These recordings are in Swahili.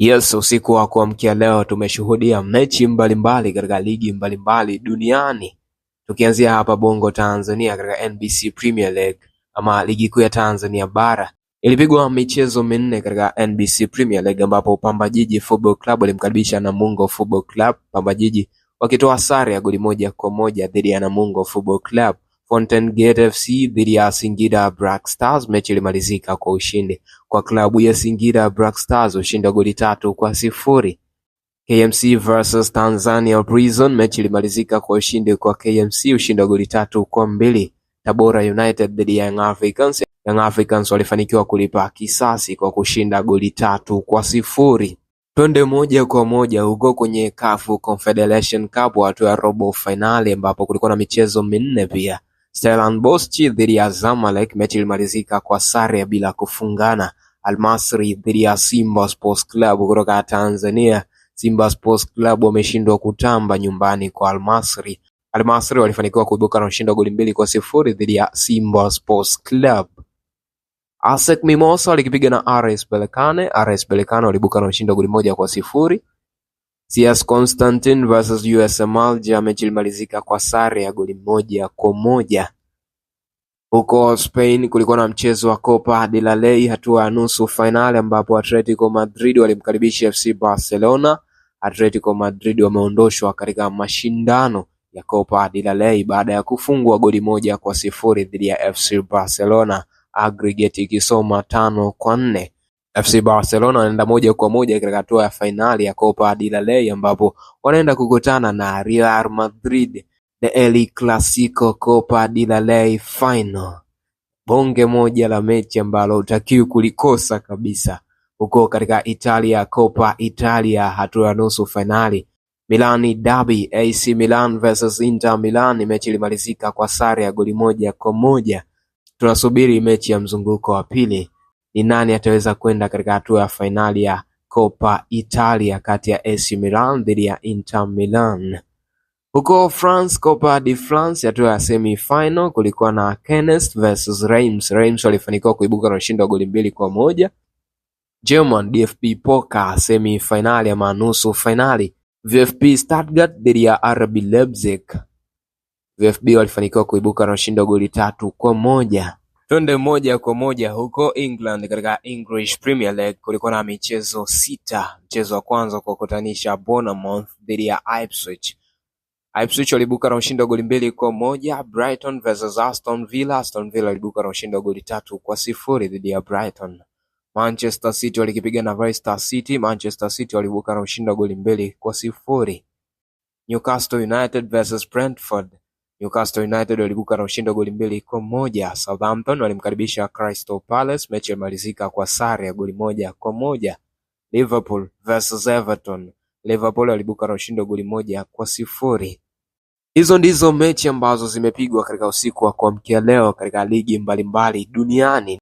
Yes usiku wa kuamkia leo tumeshuhudia mechi mbalimbali katika ligi mbalimbali duniani, tukianzia hapa Bongo Tanzania katika NBC Premier League ama ligi kuu ya Tanzania bara ilipigwa michezo minne katika NBC Premier League ambapo Pamba Jiji Football Club ilimkaribisha Namungo Football Club, Pamba Jiji wakitoa sare ya goli moja kwa moja dhidi ya Namungo Football Club. Fountain Gate FC dhidi ya Singida Black Stars. Mechi ilimalizika kwa ushindi kwa klabu ya Singida Black Stars, ushindi wa goli tatu kwa sifuri. KMC versus Tanzania Prison, mechi ilimalizika kwa ushindi kwa KMC, ushindi wa goli tatu kwa mbili. Tabora United dhidi ya Young Africans, Young Africans walifanikiwa kulipa kisasi kwa kushinda goli tatu kwa sifuri. Twende moja kwa moja huko kwenye CAF Confederation Cup hatua ya robo finali, ambapo kulikuwa na michezo minne pia Stellenbosch dhidi ya Zamalek mechi ilimalizika kwa sare bila kufungana Almasri dhidi ya Simba Sports Club kutoka Tanzania Simba Sports Club wameshindwa kutamba nyumbani kwa Almasri Almasri walifanikiwa kuibuka na ushindi wa goli mbili kwa sifuri dhidi ya Simba Sports Club ASEC Mimosa walikipiga na RS Berkane RS Berkane waliibuka na ushindi wa goli moja kwa sifuri CS constantine vs usm alger mechi ilimalizika kwa sare ya goli moja kwa moja huko Spain kulikuwa na mchezo wa Copa del Rey hatua ya nusu fainali ambapo Atletico Madrid walimkaribisha FC Barcelona. Atletico Madrid wameondoshwa katika mashindano ya Copa del Rey baada ya kufungwa goli moja kwa sifuri dhidi ya FC Barcelona, aggregate ikisoma tano kwa nne. FC Barcelona wanaenda moja kwa moja katika hatua ya fainali ya Copa del Rey ambapo wanaenda kukutana na Real Madrid na El Clasico Copa del Rey final. Bonge moja la mechi ambalo utakiwi kulikosa kabisa huko katika Italia, Copa Italia, hatua ya nusu fainali. Milani Derby, AC Milan versus Inter Milan. Mechi ilimalizika kwa sare ya goli moja kwa moja. Tunasubiri mechi ya mzunguko wa pili ni nani ataweza kwenda katika hatua ya fainali ya Coppa Italia kati ya AC Milan dhidi ya Inter Milan huko France. Copa de France hatua ya semi final, kulikuwa na Rennes versus Reims. Reims walifanikiwa kuibuka na ushindi wa goli mbili kwa moja. German DFB Pokal semi finali ama nusu finali, VfB Stuttgart dhidi ya RB Leipzig. VfB walifanikiwa kuibuka na ushindi wa goli tatu kwa moja. Twende moja kwa moja huko England katika English Premier League kulikuwa na michezo sita. Mchezo wa kwanza kwa kutanisha Bournemouth dhidi ya Ipswich. Ipswich walibuka na ushindi wa goli mbili kwa moja. Brighton versus Aston Villa. Aston Villa walibuka na ushindi wa goli tatu kwa sifuri dhidi ya Brighton. Manchester City walikipiga na Leicester City. Manchester City walibuka na ushindi wa goli mbili kwa sifuri. Newcastle United versus Brentford. Newcastle United waliguka na ushindi wa goli mbili kwa moja. Southampton walimkaribisha Crystal Palace, mechi ilimalizika kwa sare ya goli moja kwa moja. Liverpool versus Everton, Liverpool walibuka na ushindi wa goli moja kwa sifuri. Hizo ndizo mechi ambazo zimepigwa katika usiku wa kuamkia leo katika ligi mbalimbali mbali duniani.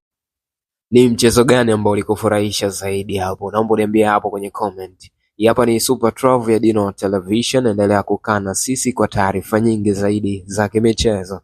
Ni mchezo gani ambao ulikufurahisha zaidi hapo? Naomba uniambie hapo kwenye comment yapa hapa ni Super 12 ya Dino Television, endelea kukaa na sisi kwa taarifa nyingi zaidi za kimichezo.